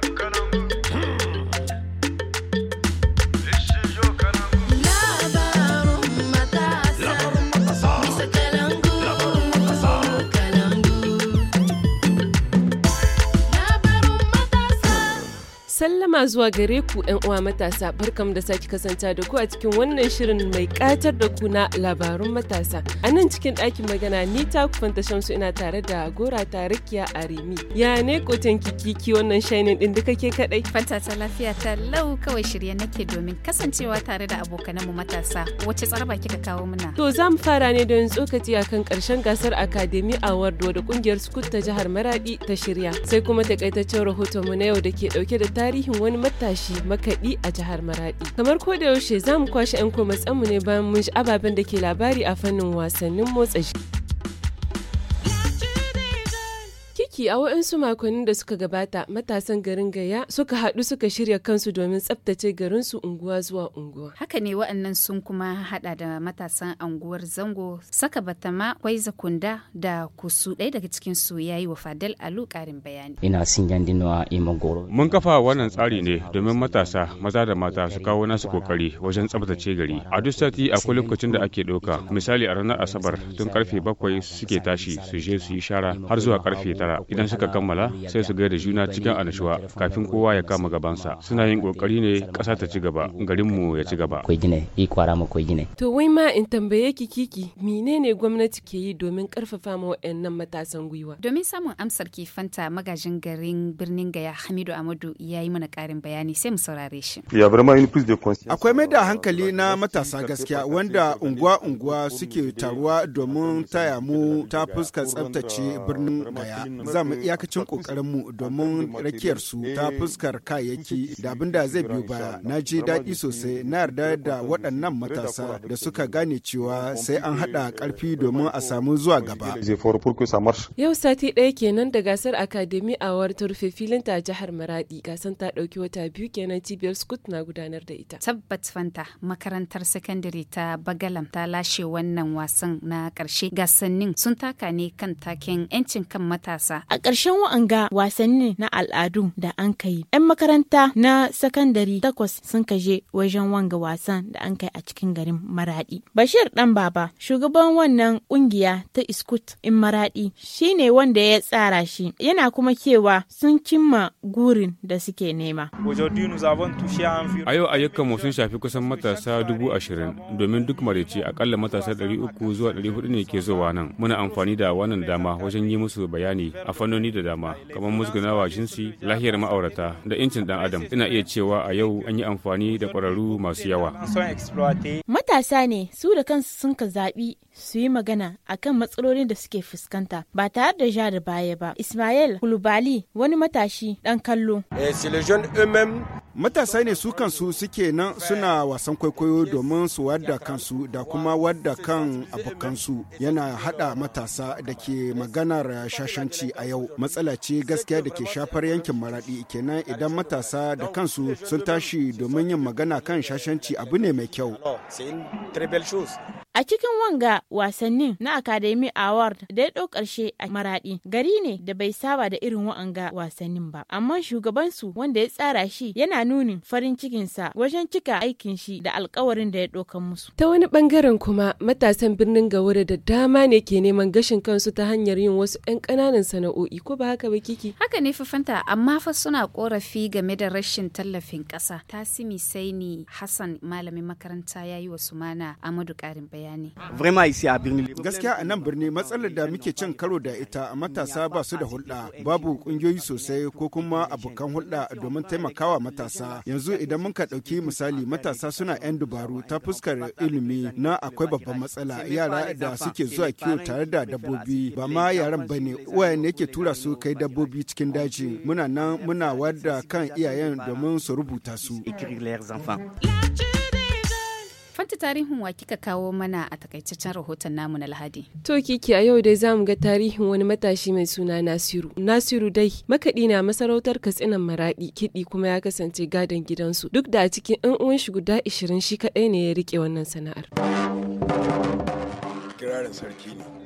come, come. Sallama zuwa gare ku ‘yan uwa matasa barkam da sake kasanta da ku a cikin wannan shirin mai katar da kuna na labarun matasa. A nan cikin ɗakin magana ni ta ku fanta shamsu ina tare da gora ta rikiya a remi. Ya ne kotan kiki wannan shainin ɗin duka ke kaɗai. Fanta ta lafiya ta lau kawai shirye nake domin kasancewa tare da abokanenmu matasa wacce tsaraba kika kawo mana? To za mu fara ne don tsokaci a kan ƙarshen gasar Akademi a Award da ƙungiyar Scoot ta jihar maraɗi ta shirya. Sai kuma takaitaccen rahoton mu na yau da ke ɗauke da tarihin wani matashi makaɗi a jihar Maradi. Kamar ko da yaushe za mu kwashe 'yan komatsanmu ne bayan mun ji ababen da ke labari a fannin wasannin motsa jiki. aiki a waɗansu makonnin da suka gabata matasan garin Gaya suka haɗu suka shirya kansu domin tsabtace su unguwa zuwa unguwa. Haka ne waɗannan sun kuma haɗa da matasan anguwar Zango, Saka Batama, Kwaiza Kunda da Kusu ɗaya daga cikin su ya yi wa fadal Alu ƙarin bayani. Ina sin dinuwa imogoro. Mun kafa wannan tsari ne domin matasa maza da mata su kawo nasu kokari wajen tsabtace gari. A duk sati akwai lokacin da ake ɗauka misali a ranar Asabar tun karfe bakwai suke tashi su je su yi shara har zuwa karfe tara idan suka kammala sai su gaida juna cikin annashuwa kafin kowa ya kama gabansa suna yin kokari ne ƙasa ta ci gaba mu ya ci gaba to wai ma in tambaye ki kiki menene gwamnati ke yi domin karfafa ma waɗannan matasan gwiwa domin samun amsar ki fanta magajin garin birnin gaya hamidu amadu ya yi mana ƙarin bayani sai mu saurare shi akwai mai da hankali na matasa gaskiya wanda unguwa-unguwa suke taruwa domin taya mu ta fuskar tsaftace birnin gaya za mu eh, iyakacin mu domin rakiyar su ta eh, fuskar kayayyaki da abin da zai biyo baya. Na ji daɗi sosai na yarda da waɗannan matasa da suka gane cewa sai an haɗa eh, ƙarfi domin a samu zuwa gaba. Yau sati ɗaya kenan da gasar akademi a wartar rufe filin ta jihar Maradi. Gasan ta ɗauki wata biyu kenan cibiyar scott na gudanar da ita. Tabbat Fanta makarantar sakandare ta Bagalam ta lashe wannan wasan na karshe Gasannin sun taka ne kan taken 'yancin kan matasa A ƙarshen wa'anga wasanni na al'adu da an kai. 'Yan makaranta na sakandare takwas sun kaje wajen wanga wasan da an kai a cikin garin Maraɗi. Bashir ɗan baba, shugaban wannan ƙungiya ta Iskut in Maraɗi, shi ne wanda ya tsara shi, yana kuma kewa sun cimma gurin da suke nema. A yau ayyukanmu sun shafi kusan matasa dubu ashirin domin duk marece akalla matasa ɗari uku zuwa ɗari hudu ne ke zuwa nan. Muna amfani da wannan dama wajen yi musu bayani a fannoni da dama kamar musgunawa jinsi lahiyar ma'aurata da incin dan adam ina iya cewa a yau an yi amfani da kwararru masu yawa matasa ne su da kansu sun ka zaɓi su yi magana akan matsalolin da suke fuskanta ba tare da ja da baya ba ismail kulubali wani matashi dan kallo eh, matasa ne su kansu suke nan suna wasan kwaikwayo domin su wadda kansu da kuma wadda kan abokansu yana hada matasa da ke maganar shashanci a yau matsala ce gaskiya da ke shafar yankin maradi kenan idan matasa da kansu sun tashi domin yin magana kan shashanci abu ne mai kyau oh, A cikin wanga wasannin na Academy Award da ya ɗau ƙarshe a maraɗi gari ne da bai saba da irin wa'anga wasannin ba, amma shugabansu wanda ya tsara shi yana nunin farin cikinsa wajen cika aikin shi da alkawarin da ya ɗaukan musu. Ta wani ɓangaren kuma matasan birnin gawar da dama ne ke neman gashin kansu ta hanyar yin wasu 'yan ƙananan sana'o'i ko ba haka ba kiki? Haka ne fafanta amma fa suna ƙorafi game da rashin tallafin ƙasa. Tasimi Saini Hassan malamin makaranta ya yi wa mana Amadu ƙarin Bayan. bayani. Gaskiya a nan birni matsalar da muke cin karo da ita matasa ba su da hulɗa babu ƙungiyoyi sosai ko kuma abokan hulɗa domin taimakawa matasa. Yanzu idan mun ka ɗauki misali matasa suna 'yan dubaru ta fuskar ilimi na akwai babban matsala yara da suke zuwa kiwo tare da dabbobi ba ma yaran ba ne uwaye ne ke tura su kai dabbobi cikin daji muna nan muna wadda kan iyayen domin su rubuta su. Fanta tarihin wa kika kawo mana a takaitaccen rahoton namu na Lahadi. To kiki a yau dai zamu ga tarihin wani matashi mai suna Nasiru. Nasiru dai makaɗi na masarautar Katsinan Maraɗi kiɗi kuma ya kasance gadon gidansu duk da a cikin ɗan uwan shi guda 20 shi kaɗai ne ya riƙe wannan sana'ar. Kirarin sarki ne.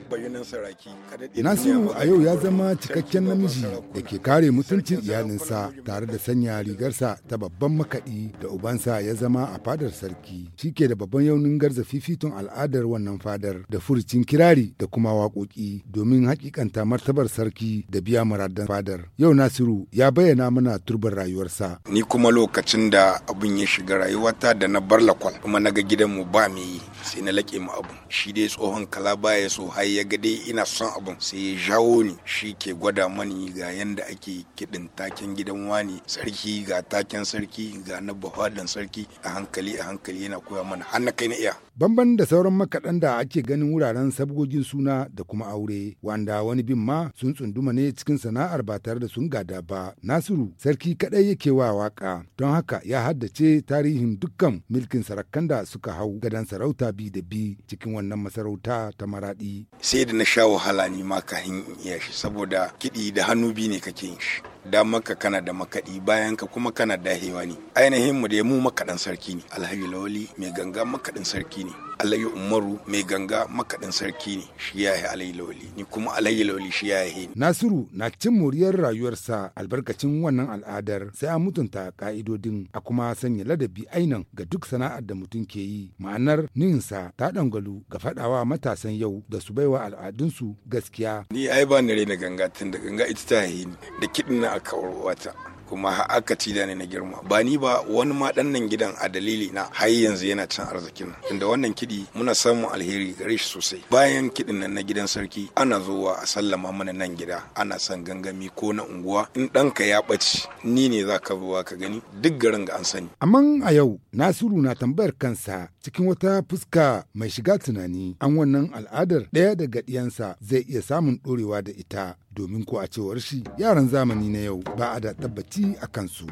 Nasiru a yau ya zama cikakken namiji da ke kare mutuncin iyalinsa tare da sanya rigarsa ta babban makaɗi da ubansa ya zama a fadar sarki. Shi ke da babban yaunin garza fifitun al'adar wannan fadar da furucin kirari da kuma waƙoƙi domin hakikanta martabar sarki da biya muradan fadar. Yau Nasiru ya bayyana mana turbar rayuwarsa. Ni kuma lokacin da abin ya shiga rayuwata da na bar lakwal kuma na ga gidanmu ba mu yi sai na laƙe mu abu. Shi dai tsohon kalaba ya so har ya ga dai ina son abun sai ya jawo ni shi ke gwada mani ga yanda ake kiɗin taken gidan wani sarki ga taken sarki ga na buhadin sarki a hankali a hankali yana koya mana har na kai na iya. banban da sauran makaɗan da ake ganin wuraren sabgogin suna da kuma aure wanda wani bin ma sun tsunduma ne cikin sana'ar ba tare da sun gada ba. Nasiru sarki kaɗai yake wa waka don haka ya haddace tarihin dukkan milkin sarakan da suka hau gadon sarauta bi da bi cikin wannan masarauta ta maraɗi. sai da na sha wahala ni ma ka iya shi saboda kiɗi da hannu biyu ne kake yin shi maka kana da makaɗi bayan ka kuma kana dahewa ne ainihin mu da mu makaɗan sarki ne alhaji lawali mai ganga makaɗin sarki ne alayi umaru mai ganga makaɗin sarki ne shi ya yi alayi lawali ni kuma alayi lawali shi ya yi nasiru na cin moriyar rayuwarsa albarkacin wannan al'adar sai an mutunta ka'idodin a kuma sanya ladabi ainan ga duk sana'ar da mutum ke yi ma'anar ninsa ta dangalu ga faɗawa matasan yau da su baiwa al'adunsu gaskiya ni ai ba ni raina ganga tun da ganga ita ta yi da kiɗin na aka wata kuma aka tida ne na girma ba ni ba wani ma dan nan gidan a dalili na har yanzu yana cin arzikin inda wannan kidi muna samun alheri gare shi sosai bayan kidin nan na gidan sarki ana zuwa a sallama mana nan gida ana san gangami ko na unguwa in ɗanka ya ɓaci ni ne za ka zuwa ka gani duk garin ga an sani amma a yau nasiru na tambayar kansa cikin wata fuska mai shiga tunani an wannan al'adar ɗaya daga ɗiyansa zai iya samun ɗorewa da ita domin ko a cewar shi yaran zamani na yau ba a da tabbaci a kansu.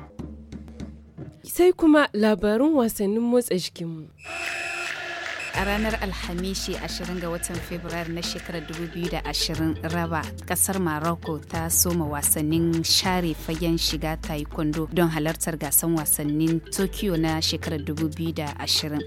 Sai kuma labarin wasannin motsa jikinmu. a ranar alhamishi 20 ga watan fabrairu na shekarar 2020 raba kasar morocco ta soma wasannin share fagen shiga taekwondo don halartar gasan wasannin tokyo na shekarar 2020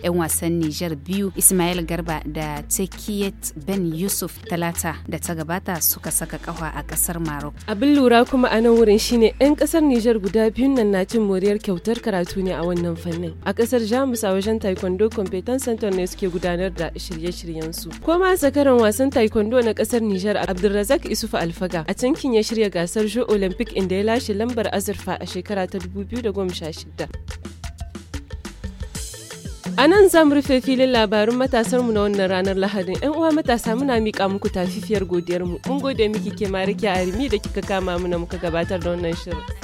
'yan wasan niger biyu ismail garba da tekiyet ben yusuf talata da ta gabata suka saka kawa a kasar morocco abin lura kuma a nan wurin shine 'yan kasar niger guda biyun nan na cin moriyar kyautar karatu ne a wannan fannin a kasar jamus a wajen taekwondo competence center ne suke gudanar da shirye-shiryensu. Koma zakaran wasan taekwondo na kasar Nijar Abdulrazak Isufu Alfaga a cankin ya shirya gasar Jo Olympic inda ya lashe lambar azurfa a shekara ta 2016. A nan za mu rufe filin labarun matasanmu na wannan ranar Lahadin. ‘Yan uwa matasa muna miƙa muku tafifiyar godiyarmu. Mun gode miki ke Mariki Arimi da kika kama muna muka gabatar da wannan shirin.